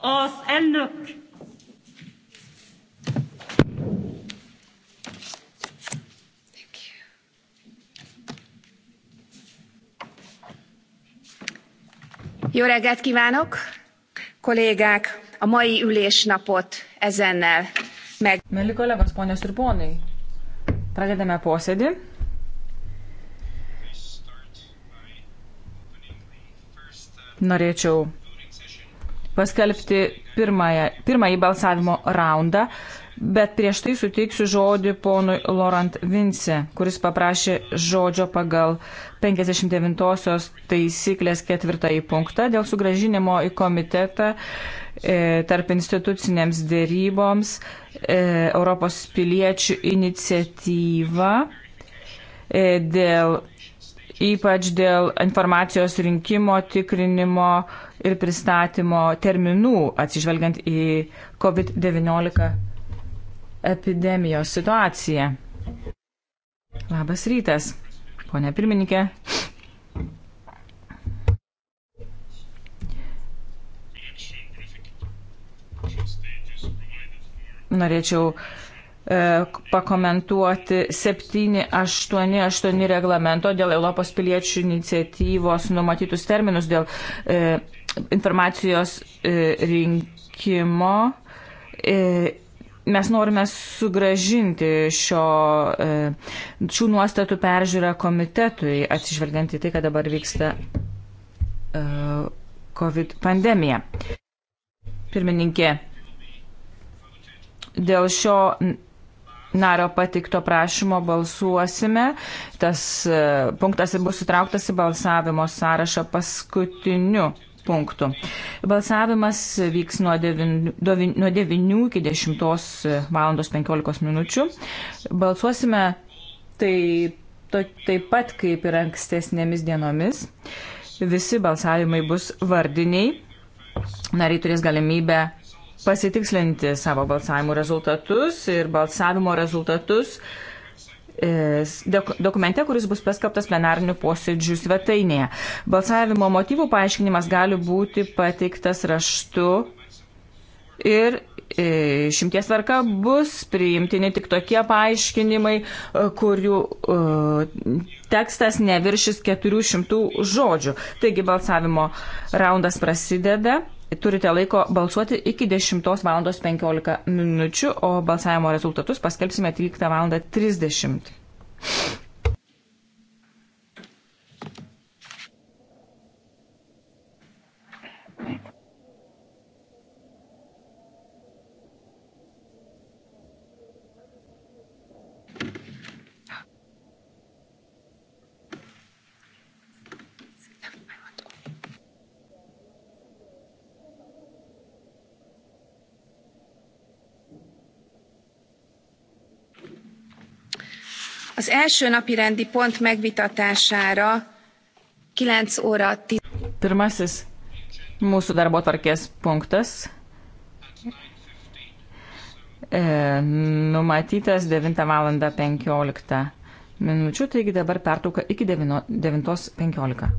Az elnök Jó reggelt kívánok! Kollégák, a mai ülésnapot ezennel meg... Mėly kolegos, ponios ir ponai, pradedame posėdį. Norėčiau paskelbti pirmąją, pirmąjį balsavimo raundą, bet prieš tai suteiksiu žodį ponui Laurent Vince, kuris paprašė žodžio pagal 59-osios taisyklės ketvirtąjį punktą dėl sugražinimo į komitetą e, tarp institucinėms dėryboms e, Europos piliečių iniciatyvą e, dėl ypač dėl informacijos rinkimo, tikrinimo ir pristatymo terminų, atsižvelgiant į COVID-19 epidemijos situaciją. Labas rytas, ponė pirmininkė. Norėčiau E, pakomentuoti 788 reglamento dėl Europos piliečių iniciatyvos numatytus terminus dėl e, informacijos e, rinkimo. E, mes norime sugražinti šio, e, šių nuostatų peržiūrą komitetui, atsižvelgiant į tai, kad dabar vyksta e, COVID pandemija. Pirmininkė, dėl šio nario patikto prašymo balsuosime. Tas e, punktas bus sutrauktas į balsavimo sąrašą paskutiniu punktų. Balsavimas vyks nuo 9, nuo 9 iki 10 val. 15 minučių. Balsuosime tai, to, taip pat kaip ir ankstesnėmis dienomis. Visi balsavimai bus vardiniai. Nariai turės galimybę pasitikslinti savo balsavimo rezultatus ir balsavimo rezultatus e, dokumente, kuris bus paskelbtas plenarinių posėdžių svetainėje. Balsavimo motyvų paaiškinimas gali būti pateiktas raštu ir e, šimties tvarka bus priimtini tik tokie paaiškinimai, e, kurių tekstas neviršis 400 žodžių. Taigi balsavimo raundas prasideda turite laiko balsuoti iki 10 val. 15 minučių, o balsavimo rezultatus paskelbsime 13 val. 30. Az első napi rendi pont megvitatására 9 óra 10. Pirmasis mūsų darbo tvarkės punktas e, numatytas 9 val. 15 minučių, taigi dabar pertrauka iki 9.15.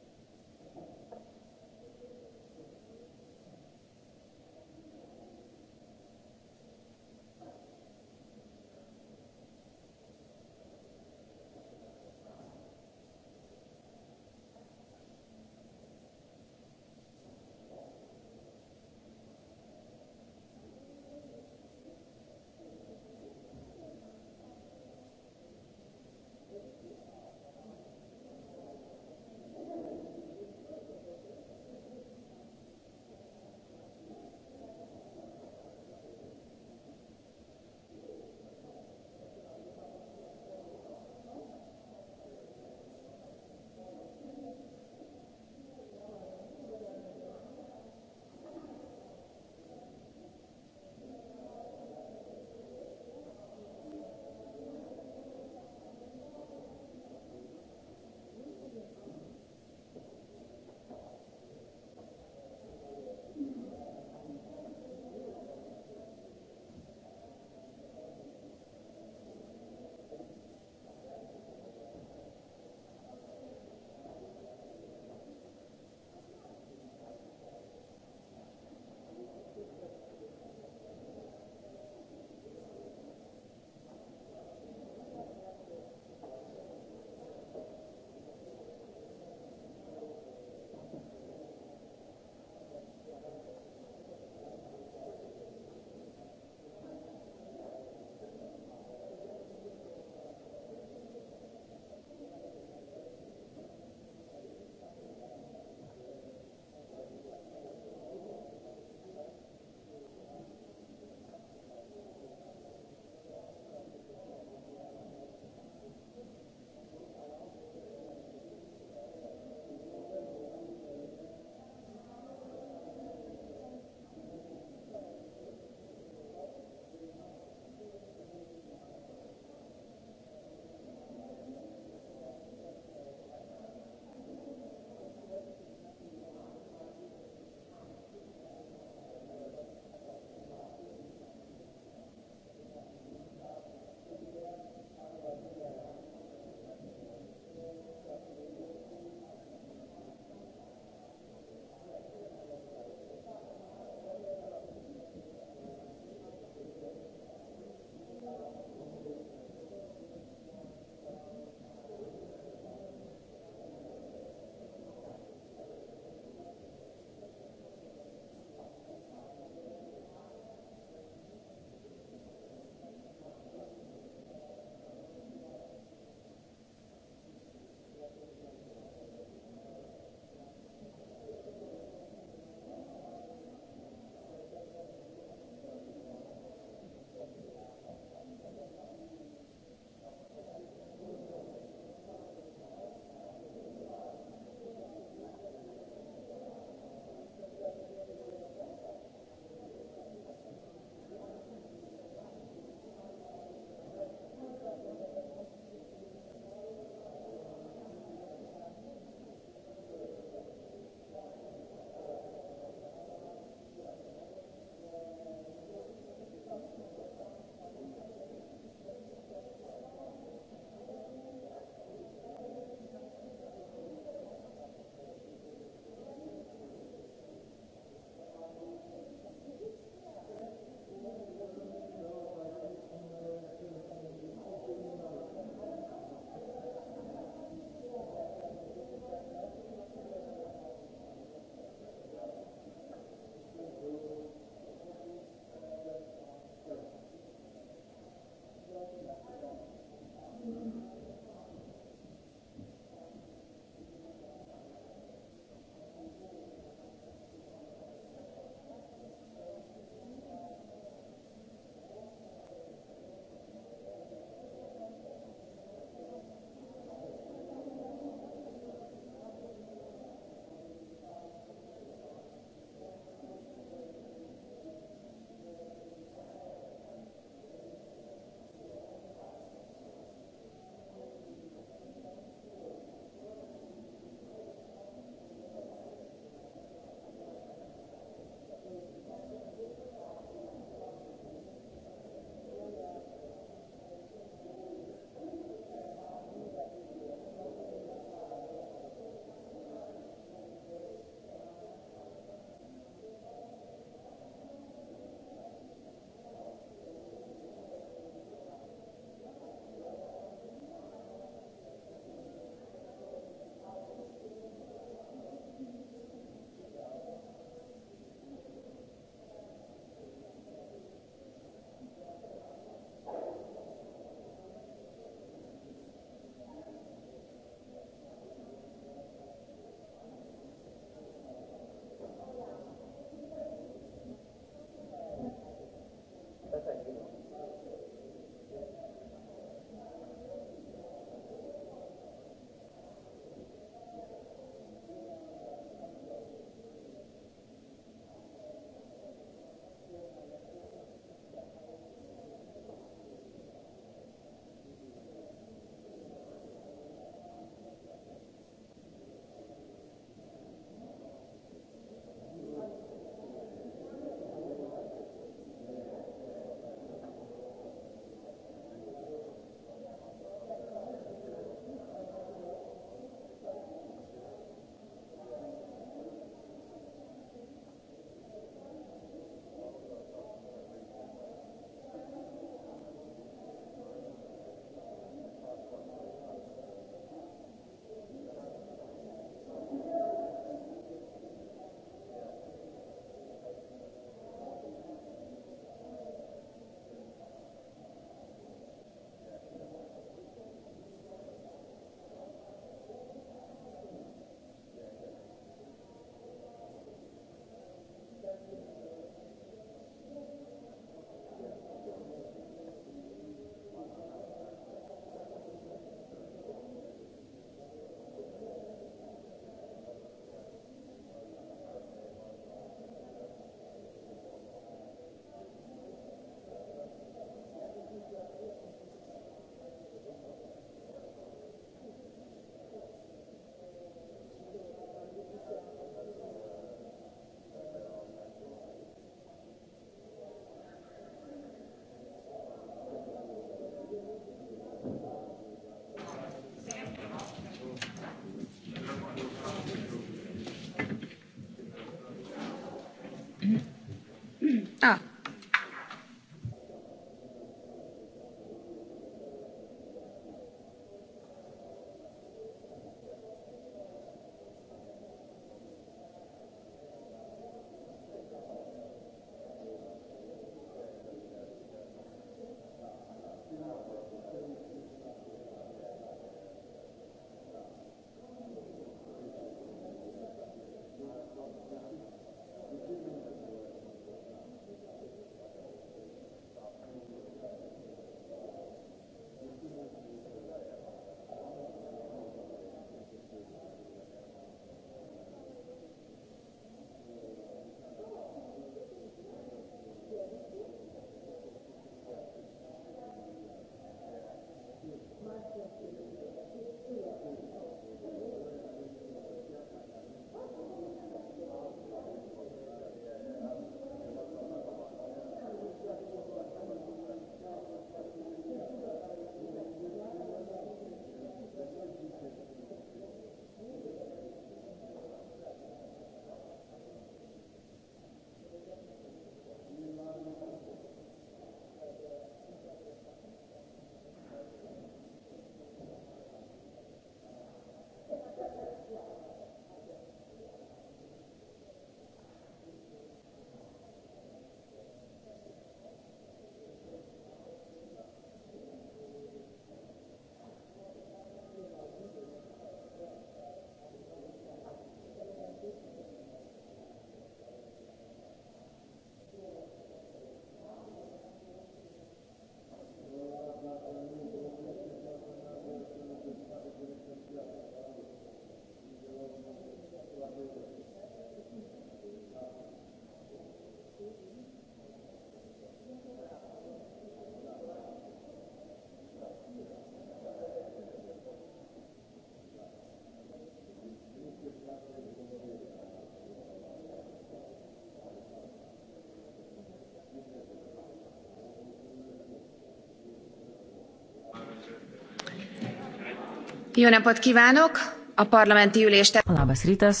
Jó napot kívánok! A parlamenti ülést... Labas rytas.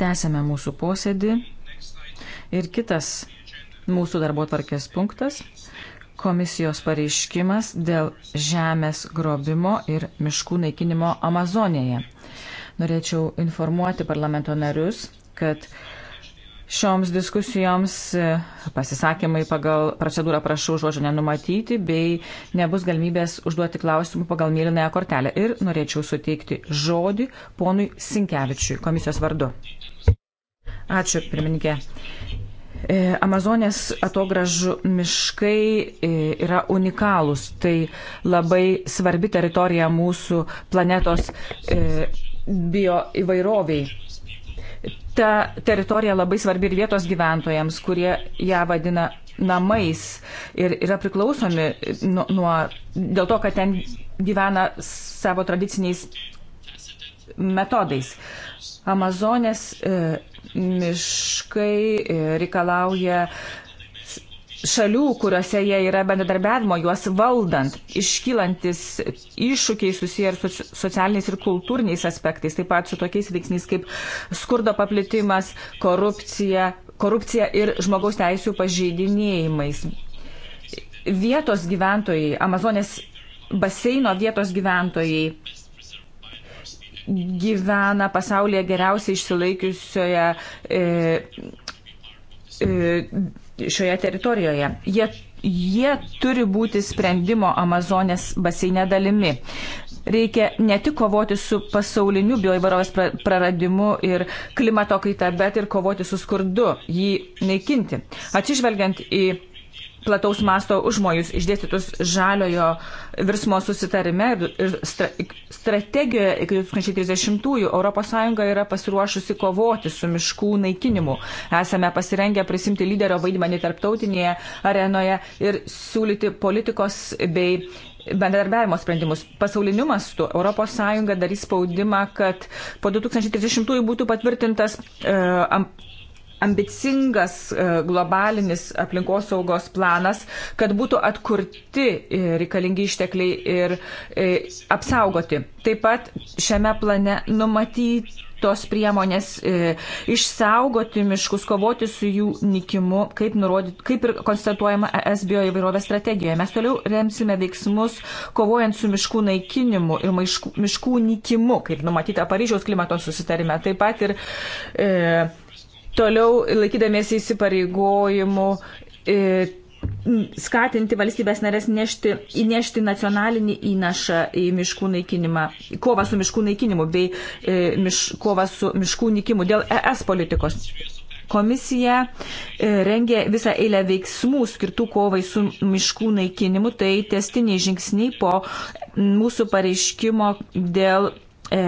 Tęsėme mūsų posėdį. Ir kitas mūsų darbo tvarkės punktas - komisijos pareiškimas dėl žemės grobimo ir miškų naikinimo Amazonėje. Norėčiau informuoti parlamento narius, kad Šioms diskusijoms e, pasisakymai pagal procedūrą prašau žodžio nenumatyti, bei nebus galimybės užduoti klausimų pagal mėlynąją kortelę. Ir norėčiau suteikti žodį ponui Sinkevičiui komisijos vardu. Ačiū, pirmininkė. E, Amazonės atogražų miškai e, yra unikalūs. Tai labai svarbi teritorija mūsų planetos bioįvairoviai ta teritorija labai svarbi ir vietos gyventojams, kurie ją vadina namais ir yra priklausomi nuo, nuo dėl to, kad ten gyvena savo tradiciniais metodais. Amazonės e, miškai e, reikalauja e, šalių, kuriuose jie yra bendradarbiavimo, juos valdant, iškylantis iššūkiai susiję ir su socialiniais ir kultūriniais aspektais, taip pat su tokiais veiksniais kaip skurdo paplitimas, korupcija, korupcija ir žmogaus teisų pažeidinėjimais. Vietos gyventojai, Amazonės baseino vietos gyventojai gyvena pasaulyje geriausiai išsilaikiusioje e, e, šioje teritorijoje. Jie, jie turi būti sprendimo Amazonės baseinė dalimi. Reikia ne tik kovoti su pasauliniu bioįvarovės praradimu ir klimato kaita, bet ir kovoti su skurdu, jį naikinti. Atsižvelgiant į plataus masto užmojus išdėstytus žaliojo virsmo susitarime ir stra strategijoje iki 2030-ųjų ES yra pasiruošusi kovoti su miškų naikinimu. Esame pasirengę prisimti lyderio vaidmenį tarptautinėje arenoje ir siūlyti politikos bei bendradarbiavimo sprendimus. Pasauliniu mastu ES darys spaudimą, kad po 2030-ųjų būtų patvirtintas e, ambicingas e, globalinis aplinkosaugos planas, kad būtų atkurti e, reikalingi ištekliai ir e, apsaugoti. Taip pat šiame plane numatyti tos priemonės e, išsaugoti miškus, kovoti su jų nikimu, kaip, nurodyt, kaip ir konstatuojama ES bioįvairovės strategijoje. Mes toliau remsime veiksmus kovojant su miškų naikinimu ir maiškų, miškų nikimu, kaip numatyta Paryžiaus klimato susitarime. Taip pat ir e, toliau laikydamiesi įsipareigojimų e, skatinti valstybės narės nešti, įnešti nacionalinį įnašą į miškų naikinimą, kovą su miškų naikinimu bei e, miš, kovą su miškų nikimu dėl ES politikos. Komisija e, rengė visą eilę veiksmų skirtų kovai su miškų naikinimu, tai testiniai žingsniai po mūsų pareiškimo dėl e,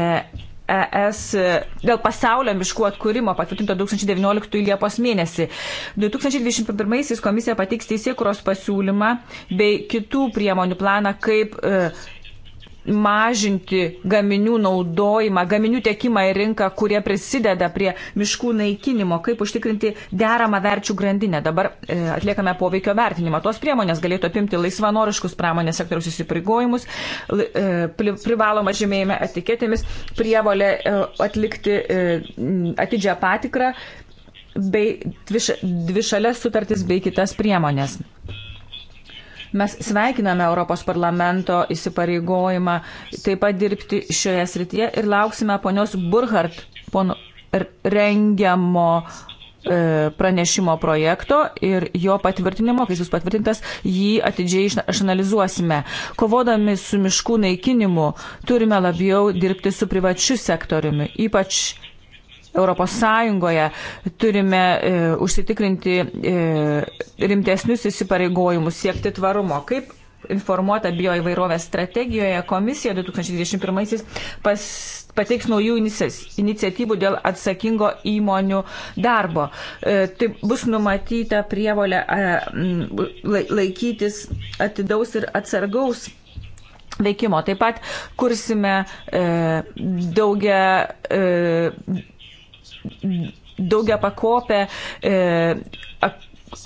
ES e, dėl pasaulio miškų atkūrimo patvirtinto 2019 Liepos mėnesį. 2021 komisija pateiks teisėkuros pasiūlymą bei kitų priemonių planą, kaip e, mažinti gaminių naudojimą, gaminių tiekimą į rinką, kurie prisideda prie miškų naikinimo, kaip užtikrinti deramą verčių grandinę. Dabar e, atliekame poveikio vertinimą. Tos priemonės galėtų apimti laisvanoriškus pramonės sektoriaus įsipareigojimus, e, privalomą žymėjimą etiketėmis, prievolę e, atlikti e, atidžią patikrą bei dvišalės sutartis bei kitas priemonės. Mes sveikiname Europos parlamento įsipareigojimą taip pat dirbti šioje srityje ir lauksime ponios Burhardt pono, rengiamo e, pranešimo projekto ir jo patvirtinimo, kai jis bus patvirtintas, jį atidžiai išanalizuosime. Kovodami su miškų naikinimu turime labiau dirbti su privačiu sektoriumi, ypač Europos Sąjungoje turime e, užsitikrinti e, rimtesnius įsipareigojimus, siekti tvarumo. Kaip informuota bioįvairovės strategijoje, komisija 2021 pas, pateiks naujų iniciatyvų dėl atsakingo įmonių darbo. E, tai bus numatyta prievolė e, laikytis atidaus ir atsargaus veikimo. Taip pat kursime e, daugia e, daugia pakopę e,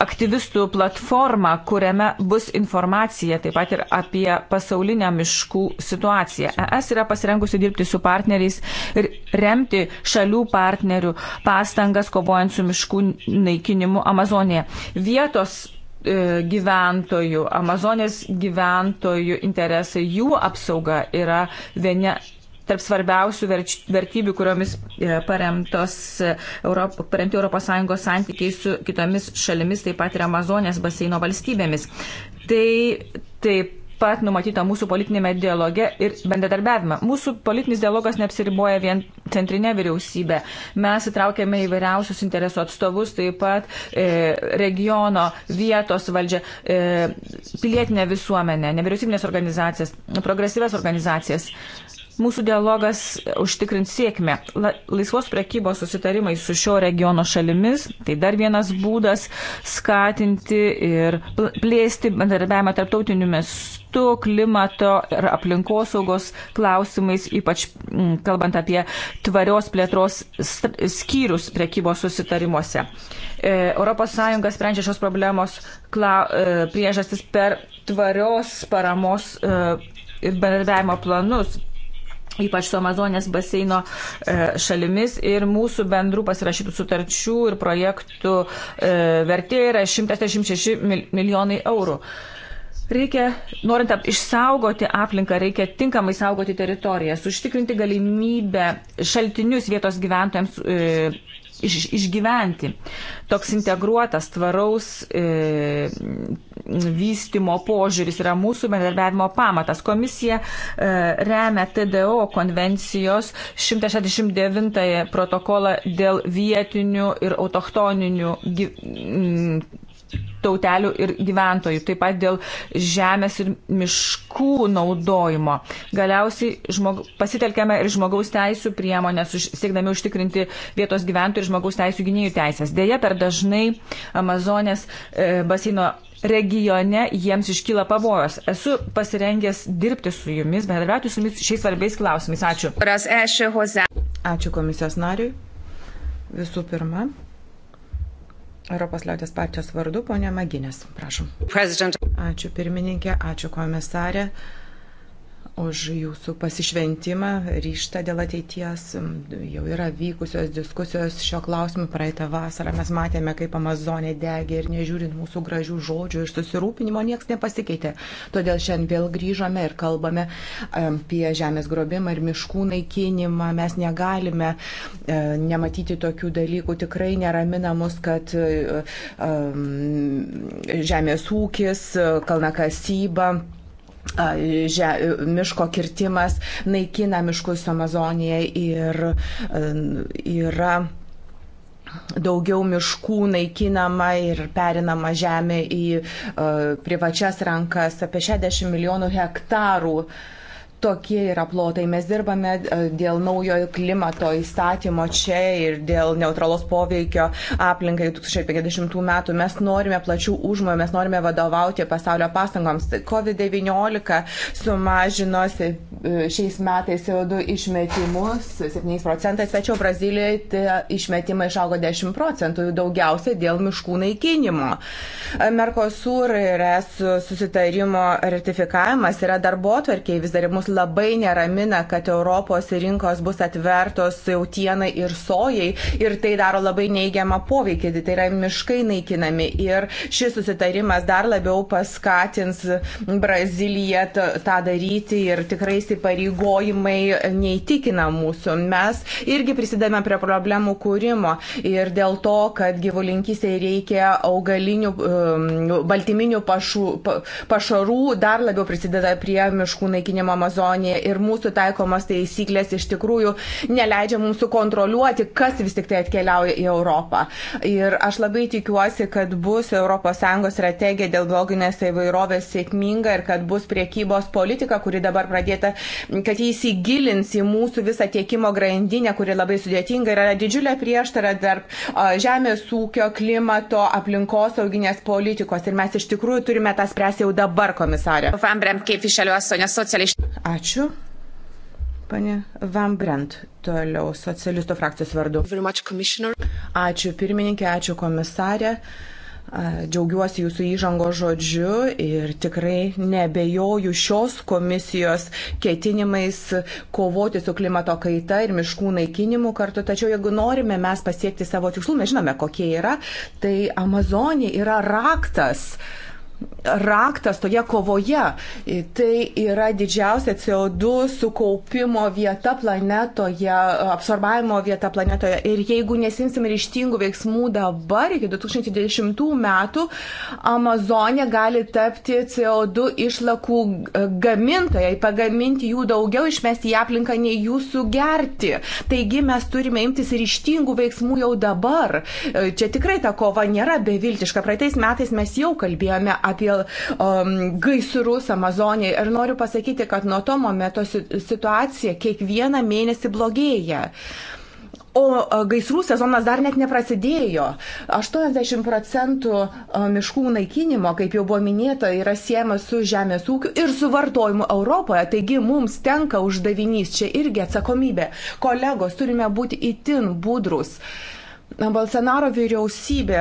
aktyvistų platformą, kuriame bus informacija taip pat ir apie pasaulinę miškų situaciją. ES yra pasirengusi dirbti su partneriais ir remti šalių partnerių pastangas kovojant su miškų naikinimu Amazonėje. Vietos e, gyventojų, Amazonės gyventojų interesai, jų apsauga yra viena tarp svarbiausių vertybių, kuriomis paremtos e, Europ, paremti ES santykiai su kitomis šalimis, taip pat ir Amazonės baseino valstybėmis. Tai taip pat numatyta mūsų politinėme dialoge ir bendradarbiavime. Mūsų politinis dialogas neapsiriboja vien centrinė vyriausybė. Mes įtraukėme įvairiausius interesų atstovus, taip pat e, regiono, vietos valdžią, e, pilietinę visuomenę, nevyriausybinės organizacijas, progresyves organizacijas. Mūsų dialogas užtikrins sėkmę. Laisvos prekybos susitarimai su šio regiono šalimis - tai dar vienas būdas skatinti ir plėsti bendradarbiavimą tarptautiniu mestu, klimato ir aplinkosaugos klausimais, ypač mm, kalbant apie tvarios plėtros skyrius prekybos susitarimuose. ES sprendžia šios problemos e, priežastis per tvarios paramos e, ir bendradarbiavimo planus ypač su Amazonės baseino e, šalimis ir mūsų bendrų pasirašytų sutarčių ir projektų e, vertė yra 136 milijonai eurų. Reikia, norint išsaugoti aplinką, reikia tinkamai saugoti teritorijas, užtikrinti galimybę šaltinius vietos gyventojams e, iš, išgyventi. Toks integruotas, tvaraus e, vystimo požiūris yra mūsų bendradarbiavimo pamatas. Komisija e, remia TDO konvencijos 169 protokolą dėl vietinių ir autochtoninių gy, m, tautelių ir gyventojų, taip pat dėl žemės ir miškų naudojimo. Galiausiai žmog, pasitelkėme ir žmogaus teisų priemonės, už, siekdami užtikrinti vietos gyventojų ir žmogaus teisų gynėjų teisės. Deja, per dažnai Amazonės e, baseino regione jiems iškyla pavojos. Esu pasirengęs dirbti su jumis, bendradarbiauti su jumis šiais svarbiais klausimais. Ačiū. Ačiū komisijos nariui. Visų pirma, Europos liaudės partijos vardu, ponia Maginės, prašom. President. Ačiū pirmininkė, ačiū komisarė už jūsų pasišventimą, ryštą dėl ateities. Jau yra vykusios diskusijos šio klausimu praeitą vasarą. Mes matėme, kaip Amazonė degė ir nežiūrint mūsų gražių žodžių ir susirūpinimo niekas nepasikeitė. Todėl šiandien vėl grįžome ir kalbame apie žemės grobimą ir miškų naikinimą. Mes negalime e, nematyti tokių dalykų. Tikrai neramina mus, kad e, žemės ūkis, kalnakasyba, že, miško kirtimas naikina miškus Amazonėje ir yra daugiau miškų naikinama ir perinama žemė į privačias rankas, apie 60 milijonų hektarų uh, Tokie yra plotai. Mes dirbame e, dėl naujojo klimato įstatymo čia ir dėl neutralos poveikio aplinkai 2050 metų. Mes norime plačių užmojų, mes norime vadovauti pasaulio pastangoms. COVID-19 sumažino e, šiais metais CO2 išmetimus 7 procentais, tačiau Brazilijoje tai išmetimai išaugo 10 procentų, daugiausiai dėl miškų naikinimo. E, Merkosur ir es susitarimo ratifikavimas yra darbo atverkiai vis dar mūsų labai neramina, kad Europos rinkos bus atvertos jautienai ir sojai ir tai daro labai neigiamą poveikį, tai yra miškai naikinami ir šis susitarimas dar labiau paskatins Braziliją tą daryti ir tikrai įsipareigojimai neįtikina mūsų. Mes irgi prisidame prie problemų kūrimo ir dėl to, kad gyvulinkysėje reikia augalinių, um, baltyminių pašų, pašarų, dar labiau prisideda prie miškų naikinimo masu eurozonėje ir mūsų taikomos taisyklės iš tikrųjų neleidžia mums sukontroliuoti, kas vis tik tai atkeliauja į Europą. Ir aš labai tikiuosi, kad bus ES strategija dėl bloginės įvairovės sėkminga ir kad bus priekybos politika, kuri dabar pradėta, kad jis įsigilins į mūsų visą tiekimo grandinę, kuri labai sudėtinga ir yra didžiulė prieštara tarp žemės ūkio, klimato, aplinkosauginės politikos. Ir mes iš tikrųjų turime tą spręsti jau dabar, komisarė. Ačiū. Pane Van Brent, toliau socialistų frakcijos vardu. Ačiū pirmininkė, ačiū komisarė. Džiaugiuosi jūsų įžango žodžiu ir tikrai nebejoju šios komisijos ketinimais kovoti su klimato kaita ir miškų naikinimu kartu. Tačiau jeigu norime mes pasiekti savo tikslų, mes žinome, kokie yra, tai Amazonė yra raktas uh, raktas toje kovoje. Tai yra didžiausia CO2 sukaupimo vieta planetoje, absorbavimo vieta planetoje. Ir jeigu nesimsim ryštingų veiksmų dabar, iki 2020 metų, Amazonė gali tapti CO2 išlakų e, gamintoje, pagaminti jų daugiau, išmesti į aplinką, nei jų sugerti. Taigi mes turime imtis ryštingų veiksmų jau dabar. E, čia tikrai ta kova nėra beviltiška. Praeitais metais mes jau kalbėjome apie um, gaisrus Amazonėje. Ir noriu pasakyti, kad nuo to momento situacija kiekvieną mėnesį blogėja. O gaisrų sezonas dar net neprasidėjo. 80 procentų miškų naikinimo, kaip jau buvo minėta, yra siejama su žemės ūkiu ir su vartojimu Europoje. Taigi mums tenka uždavinys, čia irgi atsakomybė. Kolegos, turime būti itin budrus. Balsenaro vyriausybė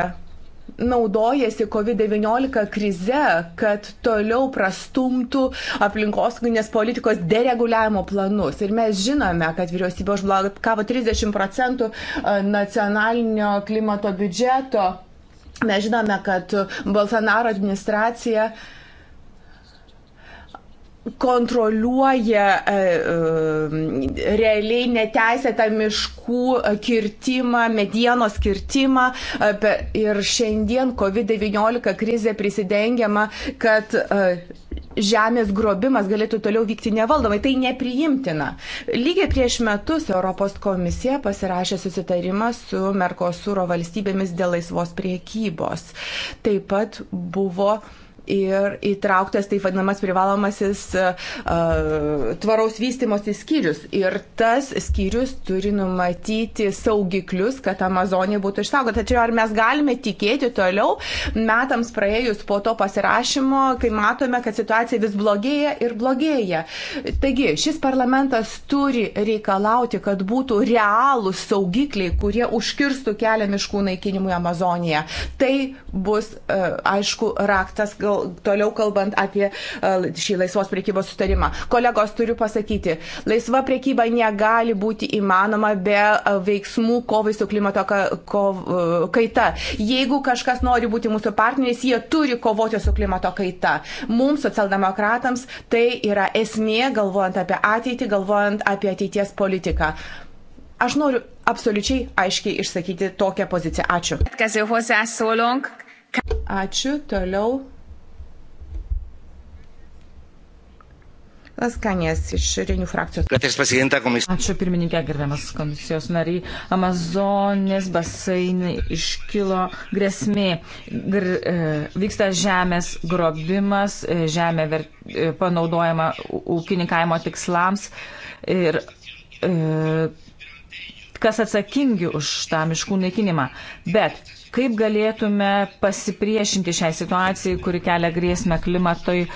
naudojasi COVID-19 krize, kad toliau prastumtų aplinkosauginės politikos dereguliavimo planus. Ir mes žinome, kad vyriausybė užblokavo 30 procentų e, nacionalinio klimato biudžeto. Mes žinome, kad Bolsonaro administracija uh, kontroliuoja e, e, realiai neteisėtą miškų kirtimą, medienos kirtimą. E, ir šiandien COVID-19 krizė prisidengiama, kad žemės grobimas galėtų toliau vykti nevaldomai. Tai nepriimtina. Lygiai prieš metus Europos komisija pasirašė susitarimą su Merkosūro valstybėmis dėl laisvos priekybos. Taip pat buvo uh, ir įtrauktas taip vadinamas privalomasis uh, tvaraus vystimosi skyrius. Ir tas skyrius turi numatyti saugiklius, kad Amazonija būtų išsaugota. Tačiau ar mes galime tikėti toliau metams praėjus po to pasirašymo, kai matome, kad situacija vis blogėja ir blogėja. Taigi, šis parlamentas turi reikalauti, kad būtų realūs saugikliai, kurie užkirstų kelią miškų naikinimui Amazonija. Tai bus, uh, aišku, raktas gal tol, toliau kalbant apie e, šį laisvos priekybos sutarimą. Kolegos, turiu pasakyti, laisva priekyba negali būti įmanoma be e, veiksmų kovai su klimato ka, ko, e, kaita. Jeigu kažkas nori būti mūsų partneriais, jie turi kovoti su klimato kaita. Mums, socialdemokratams, tai yra esmė, galvojant apie ateitį, galvojant apie ateities politiką. Aš noriu absoliučiai aiškiai išsakyti tokią poziciją. Ačiū. Ačiū. Toliau Laskanės iš Renių frakcijos. Ačiū pirmininkė, gerbiamas komisijos nariai. Amazonės baseinai iškilo grėsmė. Gr, e, vyksta žemės grobimas, e, žemė ver, e, panaudojama ūkininkavimo tikslams. Ir, e, kas atsakingi už tą miškų naikinimą. Bet Kaip galėtume pasipriešinti šiai situacijai, kuri kelia grėsmę klimatoj, e,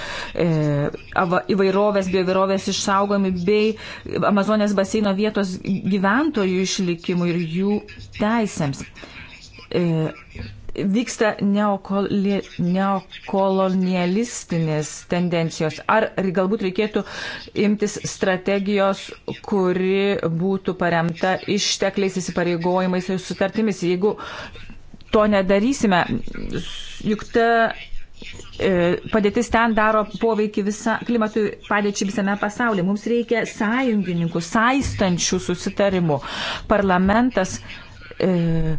įvairovės, bioįvairovės išsaugomį bei Amazonės baseino vietos gyventojų išlikimui ir jų teisėms? E, vyksta neokolonialistinės tendencijos. Ar galbūt reikėtų imtis strategijos, kuri būtų paremta ištekliais, įsipareigojimais ir sutartimis. Jeigu to nedarysime, juk ta e, padėtis ten daro poveikį visa, klimatui padėčiai visame pasaulyje. Mums reikia sąjungininkų, saistančių susitarimų. Parlamentas e,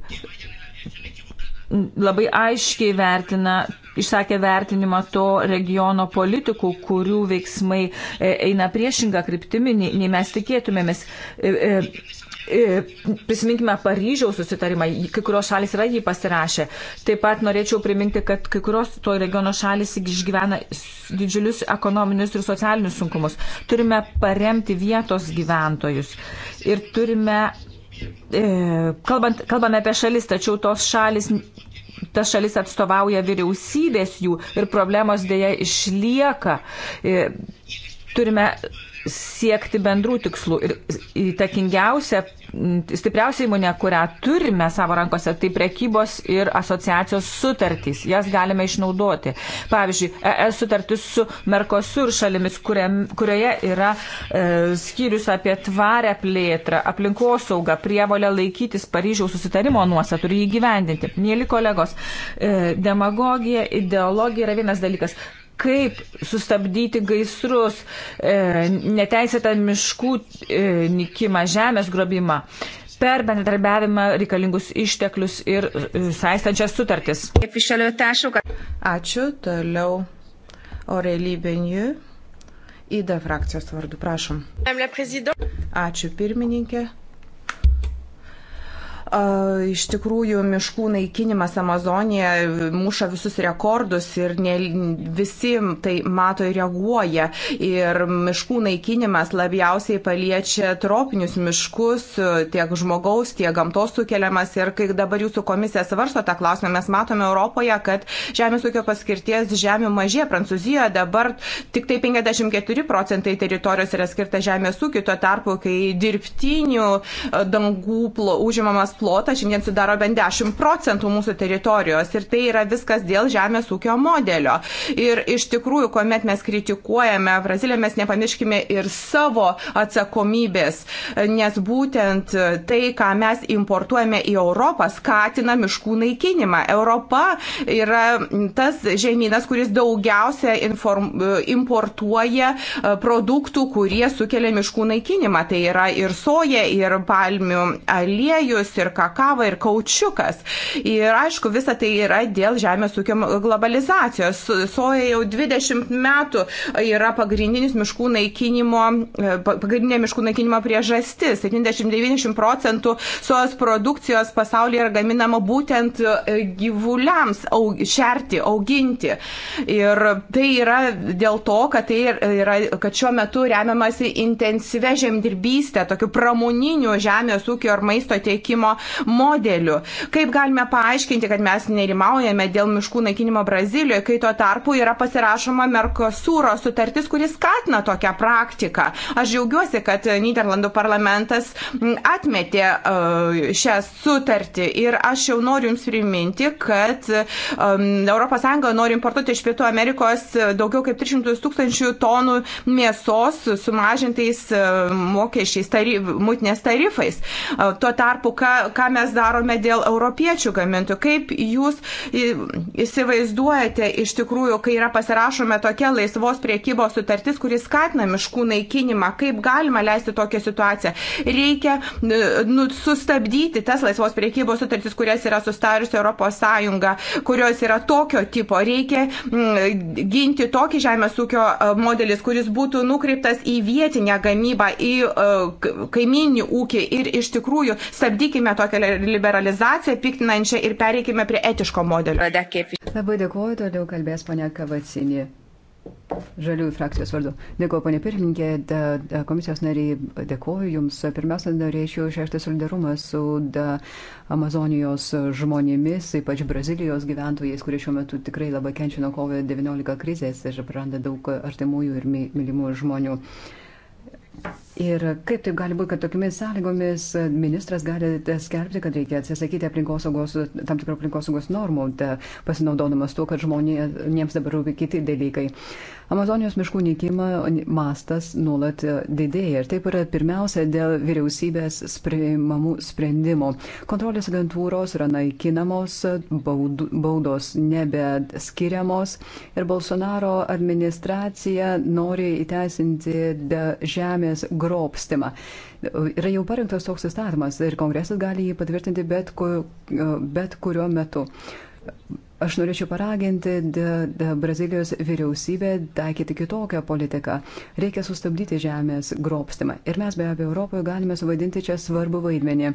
labai aiškiai vertina, išsakė vertinimą to regiono politikų, kurių veiksmai e, eina priešingą kryptimį, nei mes tikėtumėmės. E, e, E, prisiminkime Paryžiaus susitarimą, kai kurios šalis yra jį pasirašę. Taip pat norėčiau priminti, kad kai kurios to regiono šalis išgyvena didžiulius ekonominius ir socialinius sunkumus. Turime paremti vietos gyventojus ir turime, e, kalbant, kalbame apie šalis, tačiau tos šalis tas šalis atstovauja vyriausybės jų ir problemos dėja išlieka. E, turime siekti bendrų tikslų. Ir įtakingiausia, stipriausia įmonė, kurią turime savo rankose, tai prekybos ir asociacijos sutartys. Jas galime išnaudoti. Pavyzdžiui, ES sutartis su Merkosur šalimis, kuriam, kurioje yra e, skyrius apie tvarę plėtrą, aplinkosaugą, prievolę laikytis Paryžiaus susitarimo nuostatų ir jį gyvendinti. Mėly kolegos, e, demagogija, ideologija yra vienas dalykas kaip sustabdyti gaisrus, e, neteisėtą miškų e, nikimą, žemės grobimą per bendradarbiavimą reikalingus išteklius ir e, saistančias sutartis. Ačiū. Toliau Aurely Benjų. Įda frakcijos vardu, prašom. Ačiū pirmininkė. Iš tikrųjų, miškų naikinimas Amazonėje e, muša visus rekordus ir ne, visi tai mato ir reaguoja. Ir miškų naikinimas labiausiai paliečia tropinius miškus, e, tiek žmogaus, tiek gamtos sukeliamas. Ir kai dabar jūsų komisija svarsto tą klausimą, mes matome Europoje, kad žemės ūkio paskirties žemė mažė. Prancūzijoje dabar tik tai 54 procentai teritorijos yra skirta žemės ūkiu, tuo tarpu, kai dirbtinių e, dangų plo, užimamas plotas šiandien sudaro bent 10 procentų mūsų teritorijos ir tai yra viskas dėl žemės ūkio modelio. Ir iš tikrųjų, kuomet mes kritikuojame Braziliją, mes nepamirškime ir savo atsakomybės, nes būtent tai, ką mes importuojame į Europą, skatina miškų naikinimą. Europa yra tas žemynas, kuris daugiausia inform, importuoja e, produktų, kurie sukelia miškų naikinimą. Tai yra ir soja, ir palmių aliejus, ir ir kakava, ir kaučiukas. Ir aišku, visa tai yra dėl žemės ūkio globalizacijos. Soja jau 20 metų yra pagrindinis miškų naikinimo, e, pagrindinė miškų naikinimo priežastis. 70-90 procentų sojos produkcijos pasaulyje yra gaminama būtent e, gyvuliams aug, šerti, auginti. Ir tai yra dėl to, kad, tai yra, kad šiuo metu remiamasi intensyvę žemdirbystę, tokiu pramoniniu žemės ūkio ir maisto tiekimo modeliu. Kaip galime paaiškinti, kad mes nerimaujame dėl miškų naikinimo Brazilijoje, kai tuo tarpu yra pasirašoma Merkosūro sutartis, kuris skatina tokią praktiką. Aš džiaugiuosi, kad Niderlandų parlamentas atmetė e, šią sutartį ir aš jau noriu Jums priminti, kad ES nori importuoti iš Pietų Amerikos daugiau kaip 300 tūkstančių tonų mėsos sumažintais e, mokesčiais, tarif, mutinės tarifais. E, tuo tarpu, ką, ką mes darome dėl europiečių gamintojų. Kaip jūs įsivaizduojate iš tikrųjų, kai yra pasirašome tokia laisvos priekybos sutartis, kuris skatina miškų naikinimą, kaip galima leisti tokią situaciją? Reikia nu, sustabdyti tas laisvos priekybos sutartis, kurias yra sustariusi Europos Sąjunga, kurios yra tokio tipo. Reikia ginti tokį žemės ūkio e, modelis, kuris būtų nukreiptas į vietinę gamybą, į e, kaiminį ūkį ir iš tikrųjų stabdykime tokią liberalizaciją piktinančią ir pereikime prie etiško modelio. Labai dėkuoju, toliau kalbės ponia Kavacinė. Žaliųjų frakcijos vardu. Dėkuoju, ponė pirmininkė, da, da, komisijos nariai, dėkuoju Jums. Pirmiausia, norėčiau išreikšti solidarumą su da, Amazonijos žmonėmis, ypač Brazilijos gyventojais, kurie šiuo metu tikrai labai kenčia nuo COVID-19 krizės ir praranda daug artimųjų ir mylimų žmonių. Ir kaip taip gali būti, kad tokiamis sąlygomis ministras gali skelbti, kad reikia atsisakyti aplinkosaugos, tam tikrų aplinkosaugos normų, da, pasinaudodamas tuo, kad žmonėms dabar rūpi kiti dalykai. Amazonijos miškų nykimo mastas nuolat didėja ir taip yra pirmiausia dėl vyriausybės priimamų sprendimų. Kontrolės agentūros yra naikinamos, baudos nebeskiriamos ir Bolsonaro administracija nori įteisinti žemės grobstimą. Yra jau parengtas toks įstatymas ir kongresas gali jį patvirtinti bet, ku, bet kuriuo metu. Aš norėčiau paraginti de, de Brazilijos vyriausybę taikyti kitokią politiką. Reikia sustabdyti žemės grobstimą. Ir mes be abejo Europoje galime suvaidinti čia svarbu vaidmenį.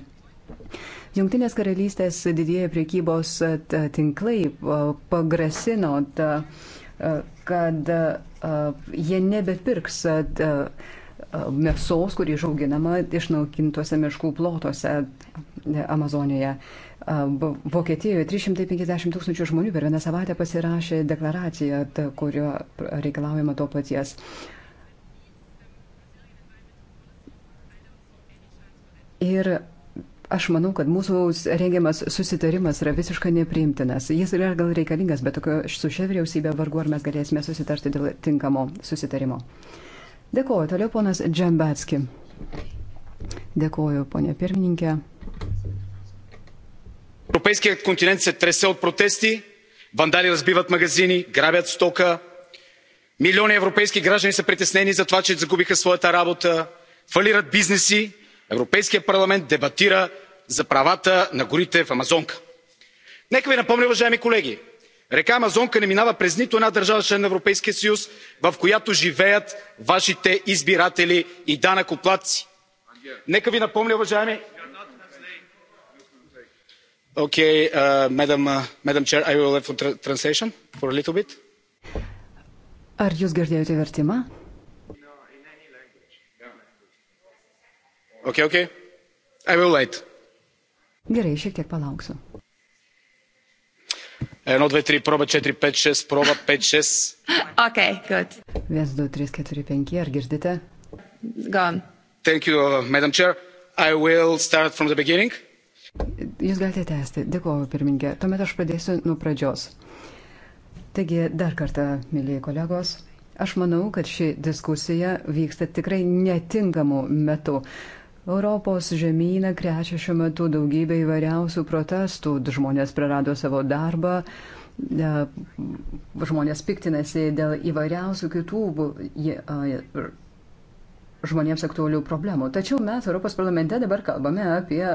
Junktinės karalystės didieji priekybos e, tinklai e, pagrasino, e, kad jie nebepirks mėsos, kuri išauginama išnaukintose miškų plotuose Amazonijoje. Vokietijoje 350 tūkstančių žmonių per vieną savaitę pasirašė deklaraciją, kurio reikalaujama to paties. Ir aš manau, kad mūsų rengiamas susitarimas yra visiškai nepriimtinas. Jis yra gal reikalingas, bet tokio, su šia vyriausybė vargu ar mes galėsime susitarti dėl tinkamo susitarimo. Uh, Dėkuoju. Toliau ponas Džembatski. Dėkuoju, ponė pirmininkė. Европейският континент се тресе от протести, вандали разбиват магазини, грабят стока. Милиони европейски граждани са притеснени за това, че загубиха своята работа, фалират бизнеси. Европейският парламент дебатира за правата на горите в Амазонка. Нека ви напомня, уважаеми колеги, река амазонка не минава през нито една държава – член на европейския съюз в която живеят вашите избиратели и данъкоплатци. нека ви напомня уважаеми uh, uh, ar jūs girdėjote vertimą? Okay, okay. I will wait. Gerai, šiek tiek palauksiu. 1, 2, 3, proba 4, 5, 6, proba 5, 6. Ok, good. 1, 2, 3, 4, 5, ar girdite? Gone. Thank you, uh, Madam Chair. I will start from the beginning. Jūs galite tęsti. Dėkuoju, pirmininkė. Tuomet aš pradėsiu nuo pradžios. Taigi, dar kartą, mėlyje kolegos, aš manau, kad ši diskusija vyksta tikrai netinkamu metu. Uh, Europos žemyną krečia šiuo metu daugybė įvairiausių protestų, žmonės prarado savo darbą, e, žmonės piktinasi dėl įvairiausių kitų e, žmonėms aktualių problemų. Tačiau mes Europos parlamente dabar kalbame apie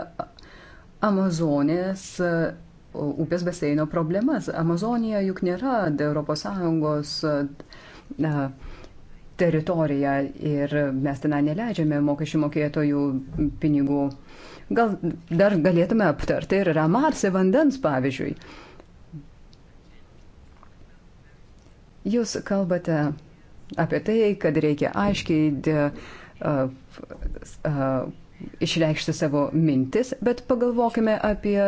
Amazonės e, upės baseino problemas. Amazonija juk nėra ES teritoriją ir mes ten neleidžiame mokesčių mokėtojų pinigų. Gal dar galėtume aptarti ir Ramarse vandens, pavyzdžiui. Jūs kalbate apie tai, kad reikia aiškiai de, uh, uh, išreikšti savo mintis, bet pagalvokime apie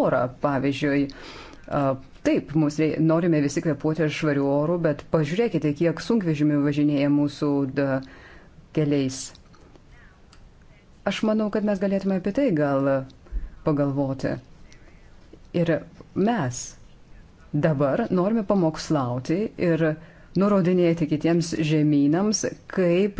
orą, pavyzdžiui. Uh, Taip, mums rei, norime visi kvepuoti švariu oru, bet pažiūrėkite, kiek sunkvežimių važinėja mūsų da, keliais. Aš manau, kad mes galėtume apie tai gal pagalvoti. Ir mes dabar norime pamokslauti ir uh, nurodinėti kitiems žemynams, kaip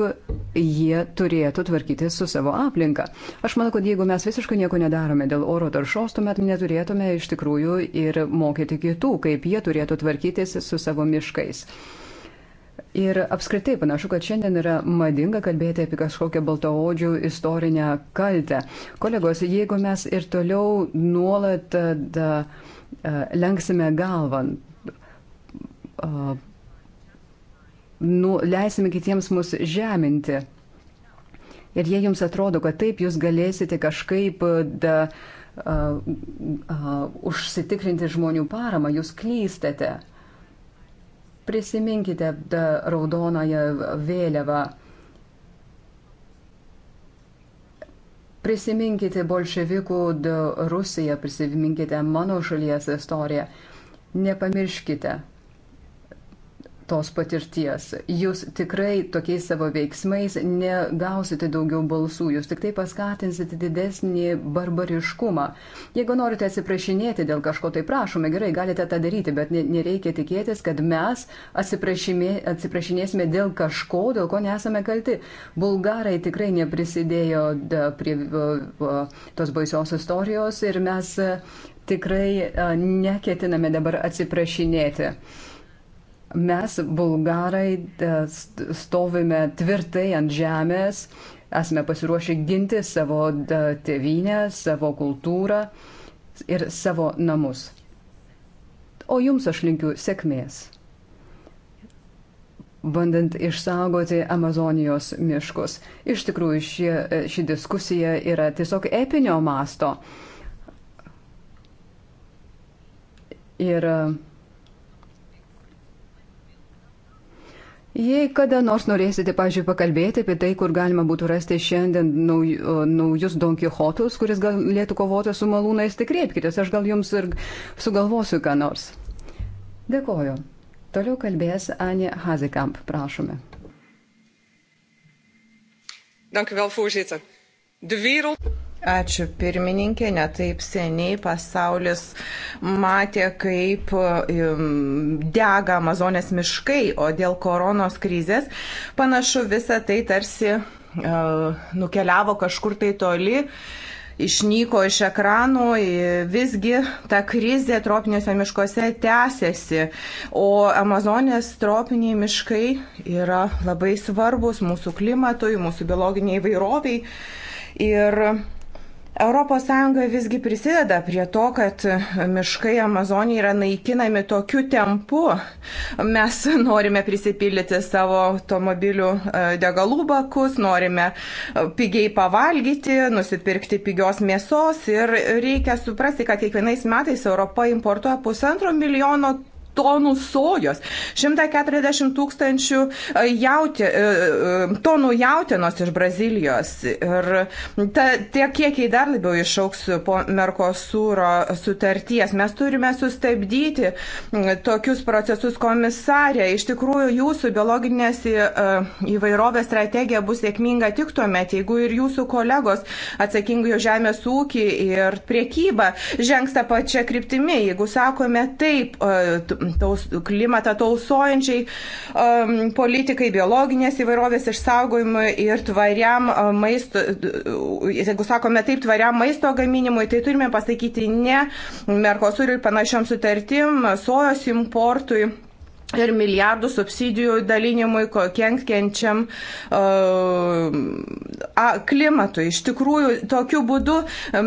jie turėtų tvarkyti su savo aplinka. Aš manau, kad jeigu mes visiškai nieko nedarome dėl oro taršos, tuomet neturėtume iš tikrųjų ir mokyti kitų, kaip jie turėtų tvarkytis su savo miškais. Ir apskritai panašu, kad šiandien yra madinga kalbėti apie kažkokią baltaodžių istorinę kaltę. Kolegos, jeigu mes ir toliau nuolat da, e, lenksime galvą, e, nu, leisime kitiems mus žeminti. Ir jei jums atrodo, kad taip jūs galėsite kažkaip uh, da, a, uh, a, uh, užsitikrinti žmonių paramą, jūs klystate. Prisiminkite da, raudonąją vėliavą. Prisiminkite bolševikų da, Rusiją, prisiminkite mano šalies istoriją. Nepamirškite, tos patirties. Jūs tikrai tokiais savo veiksmais negausite daugiau balsų, jūs tik tai paskatinsite didesnį barbariškumą. Jeigu norite atsiprašinėti dėl kažko, tai prašome, gerai, galite tą daryti, bet nereikia tikėtis, kad mes atsiprašinėsime dėl kažko, dėl ko nesame kalti. Bulgarai tikrai neprisidėjo prie tos baisios istorijos ir mes e, tikrai e, neketiname dabar atsiprašinėti. Mes, bulgarai, e, stovime tvirtai ant žemės, esame pasiruošę ginti savo e, tėvynę, savo kultūrą ir savo namus. O jums aš linkiu sėkmės, bandant išsaugoti Amazonijos miškus. Iš tikrųjų, ši, e, ši diskusija yra tiesiog epinio masto. Ir uh, Jei kada nors norėsite, pažiūrėjau, pakalbėti apie tai, kur galima būtų rasti šiandien nauj, naujus Don Quixotus, kuris galėtų kovoti su malūnais, tai kreipkitės, aš gal jums ir sugalvosiu ką nors. Dėkoju. Toliau kalbės Anė Hazekamp, prašome. Dank u wel, voorzitter. De wereld. Ačiū pirmininkė, netaip seniai pasaulis matė, kaip um, dega Amazonės miškai, o dėl koronos krizės panašu visą tai tarsi uh, nukeliavo kažkur tai toli išnyko iš ekranų, visgi ta krizė tropiniuose miškuose tęsiasi, o Amazonės tropiniai miškai yra labai svarbus mūsų klimatui, mūsų biologiniai vairoviai. Ir ES visgi prisideda prie to, kad miškai Amazonija yra naikinami tokiu tempu. Mes norime prisipildyti savo automobilių e, degalų bakus, norime e, pigiai pavalgyti, nusipirkti pigios mėsos ir reikia suprasti, kad kiekvienais metais Europa importuoja pusantro milijono tonų sojos, 140 tūkstančių e, jautė, e, e, tonų jautienos iš Brazilijos. Ir ta, tie kiekiai dar labiau išauks po Merkosūro sutarties. Mes turime sustabdyti tokius procesus komisarė. Iš tikrųjų, jūsų biologinės įvairovės strategija bus sėkminga tik tuo metu, jeigu ir jūsų kolegos atsakingi už žemės ūkį ir priekybą žengs tą pačią kryptimį. Jeigu sakome taip, taus, klimatą tausojančiai um, politikai, biologinės įvairovės išsaugojimui ir tvariam uh, maisto, jeigu sakome taip, tvariam maisto gaminimui, tai turime pasakyti ne Merkosuriui panašiam sutartim, sojos importui ir milijardų subsidijų dalinimui, kenkiančiam uh, klimatui. Iš tikrųjų, tokiu būdu